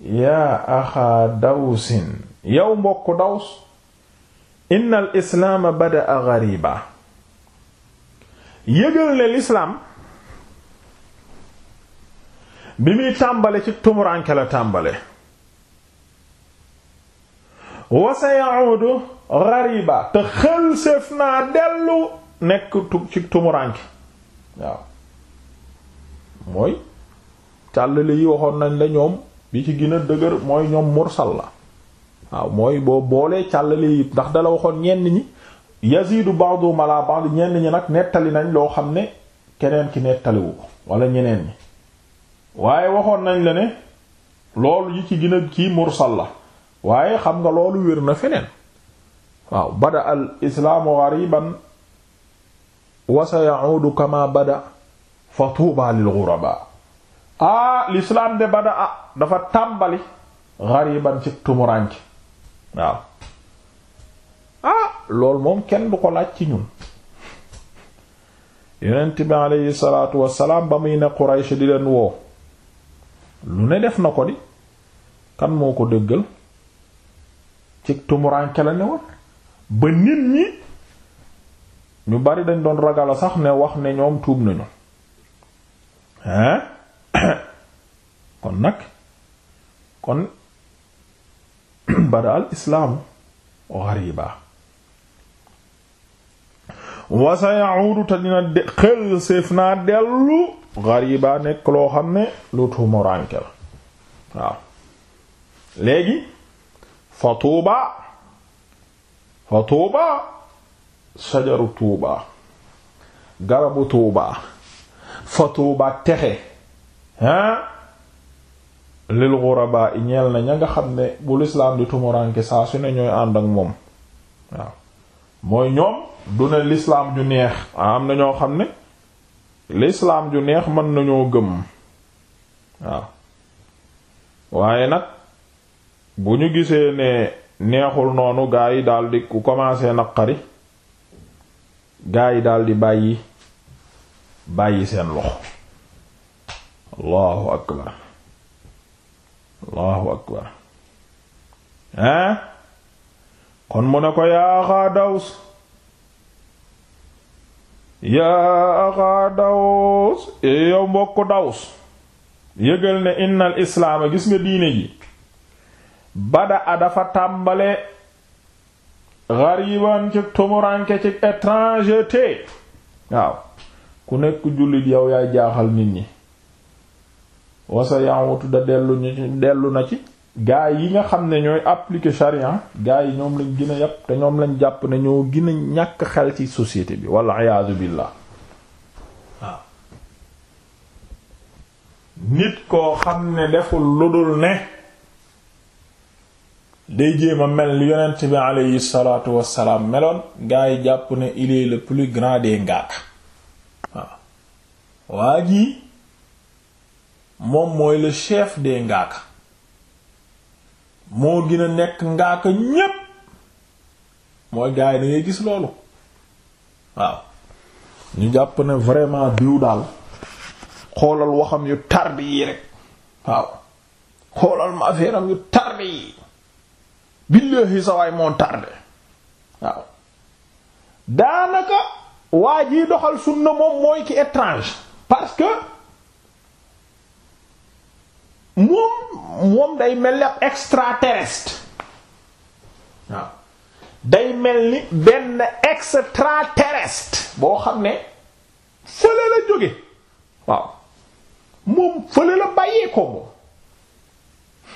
yaa axaa dawsin yow mbokk daws inna al islaama badaa yëgal ne lislaam bi muy tàmbali ci tumuranke la tàmbale wa sa yaudu te xël séef naa dellu nekk ci tumuranke waaw mooy càll li yi waxoon nañ la ñoom bi ci gën a dëgër mooy ñoom mursal la waaw mooy boo boolee càllale yi ndax dala waxoon ñenn ñi yazidu ba'du mala ba'd ñenn ñi nag nettali nañ loo xam ne keneen ki nettaliwu ko wala ñeneen ñi waaye waxoon nañ la ne loolu yi ci gën a kii mursal la waaye xam nga loolu wér na feneen waaw bada al islaamu ghariban wa sayaudu kama bada fa tuuba lil ah l'islam de bada ah dafa tàmbali gariban ci tumuraanc waaw ah loolu moom kenn du ko laaj ci ñun yonent bi aleyhi salaatu wasalaam ba muy ne Quraysh di leen woo lu ne def na ko di kan moo ko dëggal ci tumuraanke la ne woon ba nit ñi ñu bari dañ doon ragala sax ne wax ne ñoom tuub nañu hein kon nag kon bada al islaamu ghariba wa sayaudu te dina de xel dellu ghariba nekk loo xam ne lu tumuranke la léegi fa tuuba fa tuuba sajaru tuuba garabu tuuba fa tuuba texe lil ghuraba i na ña nga xam ne bu lislaam di tumuranke saa su ne ñooy ànd ak moom mooy ñoom du ne lislaam ju neex ah, am na ñoo xam ne lislaam ju neex mën nañoo gëm waaye nag bu ñu gisee ne neexul noonu gaa yi daldi ku commencé naqari gaa yi daldi bàyyi bàyyi seen loxo allahu akbar allahu akbar hein kon mu ne ko yaa axaa yaa axaa daws yow mbokk daws yëgal ne innal islaama gis nga diine ji bada dafa tàmbale gariban ci tumuranke ci étranger te waaw ku nekk jullit yow yaay jaaxal nit ñi wasa yaawutu da dellu dellu na ci gaa yi nga xam ne ñooy appliquer charia gaa yi ñoom lañ gën a yàpp te ñoom lañ jàpp ne ñoo gën ñàkk xel ci société bi walla iyaadu billah waaw nit koo xam ne deful dul ne day jéem a mel ni yonent bi aleyhi salaatu wassalaam meloon gaa yi jàpp ne il le plus grand des ngaaka waaw waa ji moom mooy la chef de ngaaka moo gën nekk ngaaka ñépp mooy gars yi da gis loolu waaw ñu jàpp ne vraiment diw daal xoolal waxam yu tardi yi rek waaw xoolal ma affaire am yu tardi yi billahi sa waay moo waaw daanaka waa jii doxal sunna moom mooy ki étrange parce que moom moom day mel ni ab extraterrestre waaw day mel ni benn extraterrestre boo xam ne fële la jóge waaw moom fële la bàyyee ko moom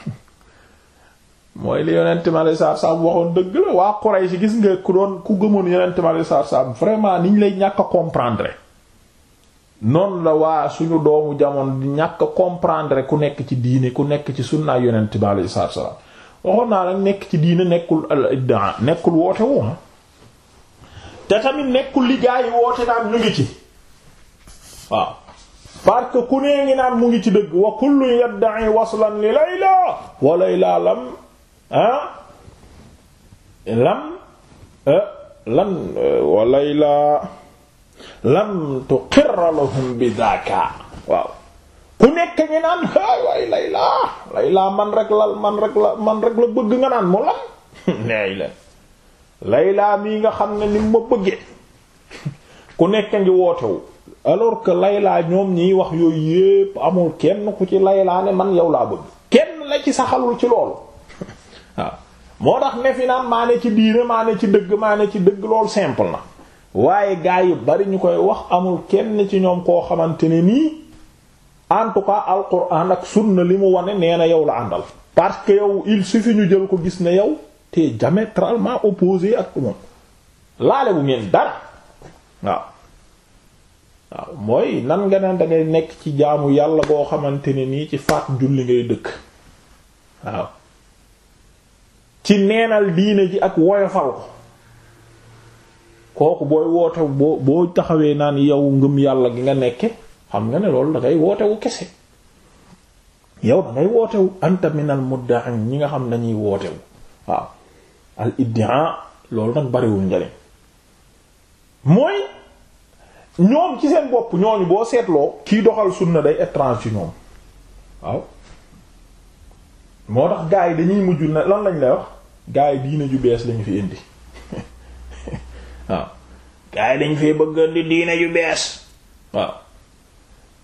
mooy li yonent mi alayhi salaatu waxoon dëgg la waa Quraysh gis nga ku doon ku gëmoon yonent mi alayhi salaatu salaam vraiment ñu lay ñàkk a comprendre noonu la waa suñu doomu jamono di ñàkk comprendre ku nekk ci diine ku nekk ci sunna yonent bi alayhi salaatu salaam waxoon naa nag nekk ci diine nekkul al iddaa nekkul woote wu te tamit nekkul li gaa woote naan ñu ngi ci waaw parce que ku nee ngi naan mu ngi ci dëgg wa kullu yadda'i waslan li layla wa layla lam ah lam eh, lan eh, wa layla lam tuqirra lahum bi daaka waaw ku nekk ngi naan hay waay Layla Layla man rek la man rek la man rek la bëgg nga naan mu lan neey la Layla mii nga xam ne ni ma bëggee ku nekk ngi wootewu alors que Layla ñoom ñiy wax yooyu yépp amul kenn ku ci Layla ne man yow laa bëgg kenn la ci sa saxalul ci loolu waaw moo tax ne fi naan maa ne ci diine maa ne ci dëgg maa ne ci dëgg loolu simple na waaye gaa yu bari ñu koy wax amul kenn ci ñoom koo xamante ne nii en tout cas alquran ak na li mu wane nee na yow la àndal parce que yow il suffit ñu jël ko gis ne yow te diamétralement opposé ak moom laale bu ngeen dara waaw mooy nan nga naan da ngay nekk ci jaamu yàlla boo xamante ne nii ci faat julli ngay dëkk waaw ci neenal diine ji ak woyofal ko kooku booy woote boo boo taxawee naa ni yow ngëm yàlla gi nga nekke xam nga ne loolu da ngay wootewu kese yow da ngay wootewu anta minal ñi nga xam dañuy wootewu waaw al iddia loolu nag bariwul njariñ mooy ñoom ci seen bopp ñooñu boo seetloo kiy doxal sunna day étrange ci ñoom waaw moo tax gaa yi dañuy mujj na lan lañ lay wax gaa yi diine ju bees lañu fi indi waaw gaa yi dañ fee bëgg indi diine ju bees waaw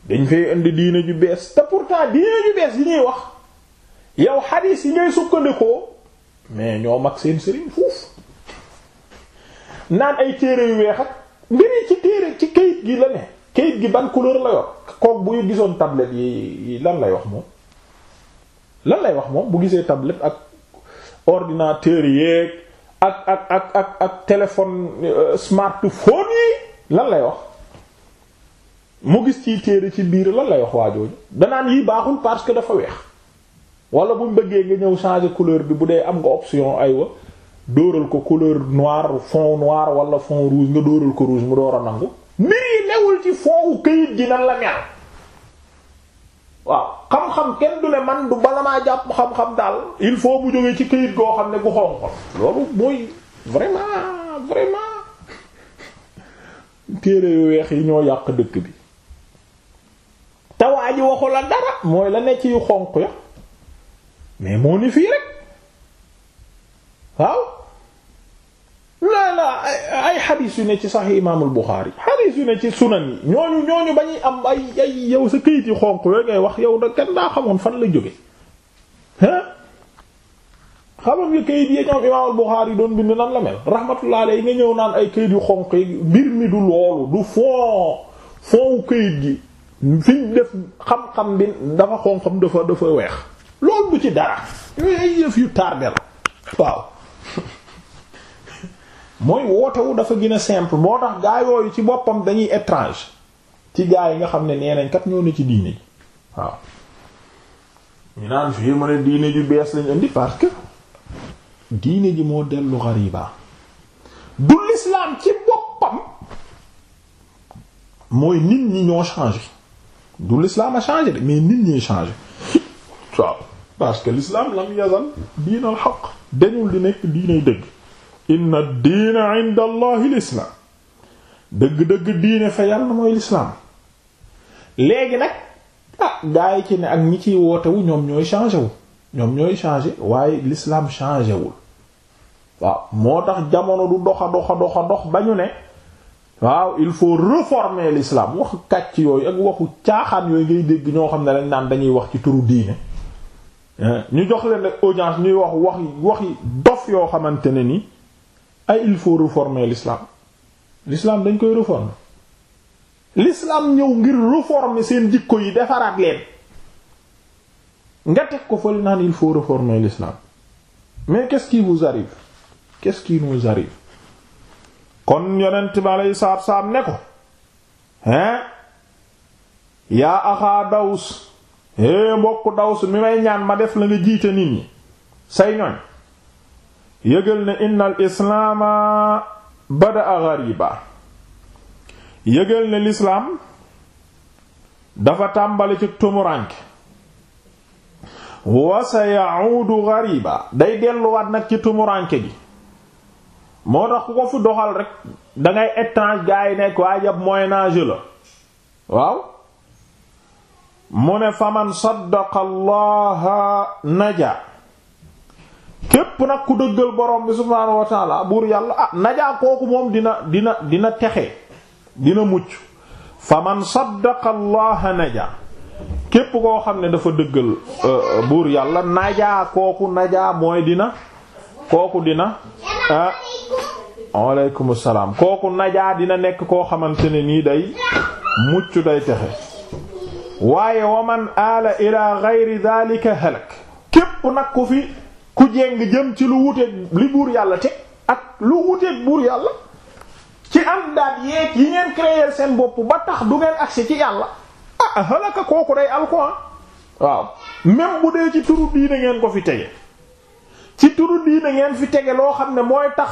dañ fee indi diine ju bees te pourtant diine ju bees yi ñuy wax yow xadiis yi ngay sukkandikoo mais ñoo mag seen sëriñ foofu naan ay téere yu weex ak ci téere ci kayit gi la ne kayit gi ban couleur la yor kook bu gisoon tablette yi yi lan lay wax moom lan lay wax moom bu gisee tablet ak ordinateur yeeg ak ak ak ak ak téléphone euh, smartphone yi lan lay wax mu gis ciy téere ci biir lan lay wax waajooju danaan yi baaxul parce que dafa weex bu buñ bëggee nga ñëw changer couleur bi bu dee am nga option aywa dóoral ko couleur noir fond noir wala fond rouge nga dóoral ko rouge mu door a nangu mbir yi newul ci fond këyit gi la mel waaw xam-xam kenn du ne man du bala maa jàpp xam-xam daal il faut bu jógee ci këyit goo xam ne gu xonqol mooy vraiment vraiment téere weex yi ñoo yàq dëkk bi tawaa ji la dara mooy la nekk yu xonq ya mais moo ni fii rek waaw laa laa ay xadiis yu ne ci sax imaamul Buxaari xadiis yu ne ci sunan yi ñooñu ñooñu ba ñuy am ay ay yow sa këyit yi xonq yooyu ngay wax yow da kenn daa xamoon fan la jóge hein xamoon nga këyit yi ñoom imaamul Buxaari doon ñëw naan ay këyit yu xonq yi mbir mi du loolu du fond këyit gi fi def xam-xam bi dafa xonqam dafa dafa weex loolu bu ci dara yooyu yëf yu tardé la waaw mooy wootewu dafa gën a simple moo tax gaa ci boppam dañuy étrange ci gaa yi nga xam ne nee nañ kat ñoo ne ci diine ji waaw ñu naan fii ma ne diine ju bees lañ parce que diine ji moo dellu xariba du l'islam ci boppam mooy nit ñi ñoo changé du l'islam a changé de mais nit ñi change waaw parce que l'islam lam yazal diinal xaq dañul di nekk diinay dëgg inna diina inda allahi lislaam dëgg-dëgg diine fa yàlla mooy lislaam léegi nag ah gaa yi ci ne ak ñi ciy wootewu ñoom ñooy changé wu ñoom ñooy changé waaye lislaam changé wul waaw moo tax jamono du dox a doxa doxa dox ba ñu ne waaw il faut réformer lislaam waxu kàcc yooyu ak waxu caaxaan yooyu ngay dégg ñoo xam ne lañ naan dañuy wax ci turu diine eh, ñu jox leen audience ñuy wax wax waxi dof yoo xamante ne ni ay il faut réformer l'islam l'islam dañ koy réformer l'islam ñëw ngir réformer seen jikko yi defaraat leen nga teg ko fële naan il faut réformer l'islam mais qu'est-ce qui vous arrive qu'est-ce kon yonent bi aleyhi salaatu salaam ne ko hein yaa axaa daws é eh, mbokk daws mi may ñaan ma def la nga jiite nit ñi say ñoñ yëgal ne innal islaama bada'a ghariba yëgal ne lislaam dafa tàmbali ci tumurank wa sayaudu ghariba day delluwaat nag ci tumurank gi moo tax ku ko fu doxal rek dangay étrange gaa yi nekk waa yab moyen âge la waaw mu ne faman saddaqa allaha naja képp nag ku dëggal borom bi subhaanahu wa buur yàlla ah najaa kooku moom dina dina dina texe dina mucc fa man saddaqa allaha naja képp koo xam ne dafa dëggal euh, buur yàlla najaa kooku najaa mooy dina kooku dina ah salaam kooku najaa dina nekk koo xamante ne nii day mucc day texe waaye waman aala ila gayri dalika halak képp nag ku fi ku jéng jëm ci lu wuteeg li buur yàlla te ak lu wuteeg buur yàlla ci am daat yeeg yi ngeen créer seen bopp ba tax du ngeen accès ci yàlla ah, ah halaka kooku day alcoan ah. waaw même bu dee ci turu diine ngeen ko fi tege ci turu diine ngeen fi tege loo xam ne mooy tax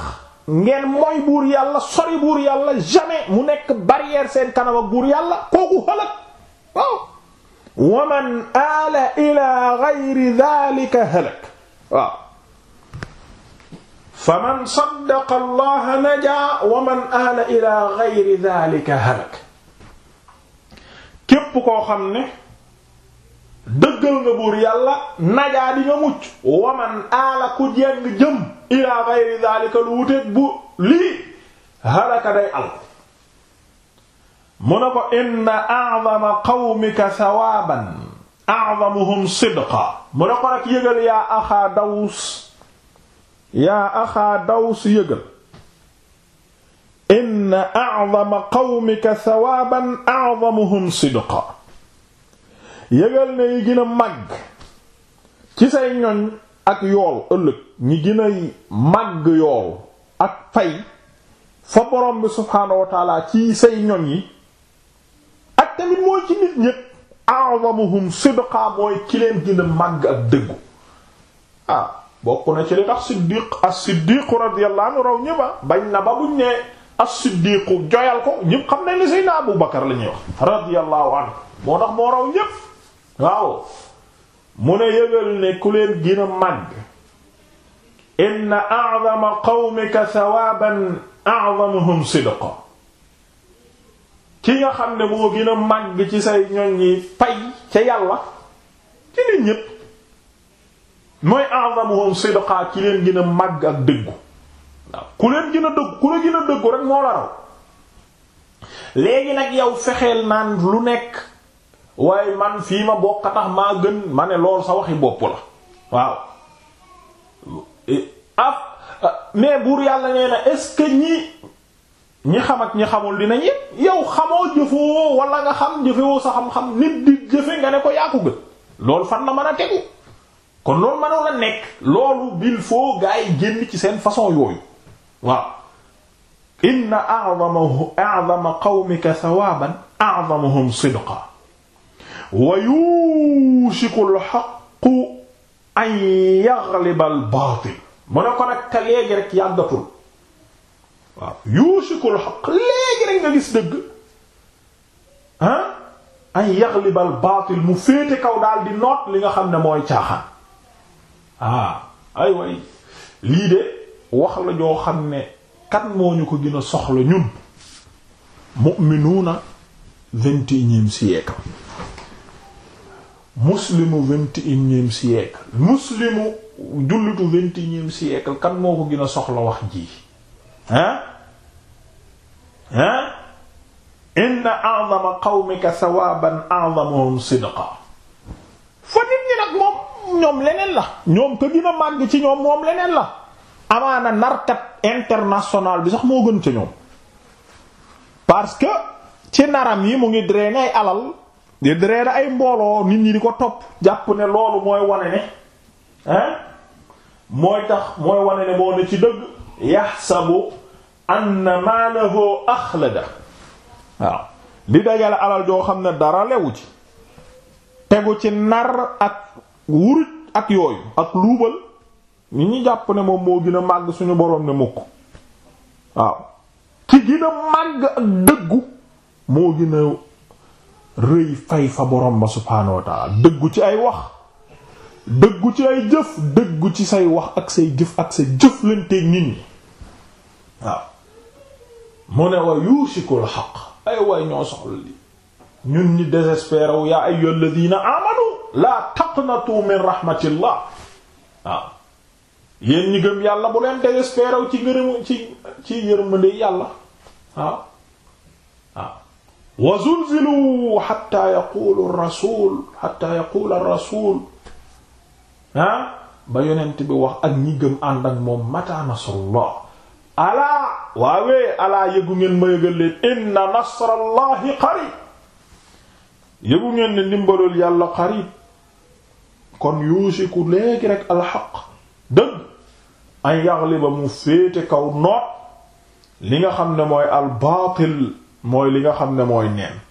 ngeen mooy buur yàlla sori buur yàlla jamais mu nekk barrière seen kanam ak buur yàlla kooku halak waaw waman aala ila ghayri dhalika halak waaw fa man saddaqa allaha najaa wa man aana ila gayri dalika halak képp koo xam ne dëggal nga buur yàlla najaa di nga mucc wa man aala ku jeng jëm ila gayri dalika lu wuteet bu lii halaka day al mu na ko inna a'zama qawmika thawaaban a'zamuhum sidqa mu ne ko nag yëgal yaa axaa dawus yaa axaa yëgal inna a'zama yëgal ne yi gën a màgg ci say ñoñ ak yool ëllëg ñi gën a màgg yool ak fay fa borom bi subhaanahu ci say ñoñ yi ak tamit mooy ci nit ñépp a'zamuhum sidqa mooy ki leen gën a ak dëggu ah, bokk na ci li tax siddiq as-siddiq radiyallahu anhu raw ñëppa ah, bañ na ba buñ ne as-siddiq joyal ko ñëpp xam nañ ne Seydina Abu Bakar la ñuy wax radiyallahu anhu moo tax moo raw ñëpp waaw mu ne yëgal ne ku leen gën a màgg inna a'zama qawmika thawaban a'zamuhum ki nga xam ne moo gën a màgg ci say ñoñ yi pay ca yàlla ci nit ñépp mooy a'zamuhum sidqa ci leen gën a màgg ak dëggu waaw ku leen gën a dëgg ku la gën a dëggu rek moo la raw léegi nag yow fexeel naan lu nekk waaye man fii ma bokk a tax maa gën ma ne loolu sa waxi bopp la waaw eh, ah, mais buur yàlla nee na est ñi xam ak ñi xamul dinañ yépp yow xamoo jëfoo wala nga xam jëfewoo sa xam-xam nit di jëfe nga ne ko yaaku gën loolu fan la mën a tegu kon loolu mënoon a nekk loolu bil foo gaa yi génn ci seen façon yooyu waaw inna a'zamahu a'zama qawmika thawaban a'zamuhum sidqa wa yushiku al-haqqu an yaghliba al-batil mu ne ko nag te léegi rek yàggatul waaw yuusikul xaq léegi rek nga gis dëgg ah an yaxlibal baatil mu féete kaw daal di noot li nga xam ne mooy caaxaan ah ay way lii de wax la joo xam ne kan moo ñu ko gën a soxla ñun mu'minuuna vingt et unième siècle muslimu vingt et unième siècle muslimu jullitu vingt et unième siècle kan moo ko gën a soxla wax ji ah ah inna a'zama qawmika thawaban sidqa fa nit ñi nag moom ñoom leneen la ñoom ka dina màgg ci ñoom moom leneen la amaana narkat international bi sax moo gën ca ñoom parce que ci naram yi mu ngi drainer ay alal di drainer ay mbooloo nit ñi di ko topp jàpp ne loolu mooy wane ne ah mooy tax mooy wane ne moo ne ci dëgg yaxsabu anna maalahu axlada waaw di dajale alal joo xam ne dara lewu ci tegu ci nar ak wuruj ak yooyu ak luubal ñi ñu jàpp ne moom moo gën a màgg suñu boroom ne mukk waaw ki gën màgg ak dëggu moo gën a rëy fay fa boroom ba subhaanahu wa dëggu ci ay wax dëggu ci ay jëf dëggu ci say wax ak say jëf ak sa jëflanteeg nit ñi waaw mu ne wa yuusikul xaq ay waay ñoo soxla li ñun ñi yaa ayyul ladina amanu la taqnatu min rahmatillah waaw yéen ñi gëm yàlla bu leen désespéré wu ci ngërëm ci ci yërmande yàlla waaw waaw wa zulzilu yaqulu ar ah ba yonent bi wax ak ñi gëm ànd ak moom mata nasrullah alaa waawee alaa yëgu ngeen ma yëgal leen inna nasrallahi qarib yëgu ngeen ne ndimbalul yàlla qarib kon yuusiku léegi rek alxaq dëgg an yaghliba mu féete kaw noot li nga xam ne mooy albaatil mooy li nga xam ne mooy neen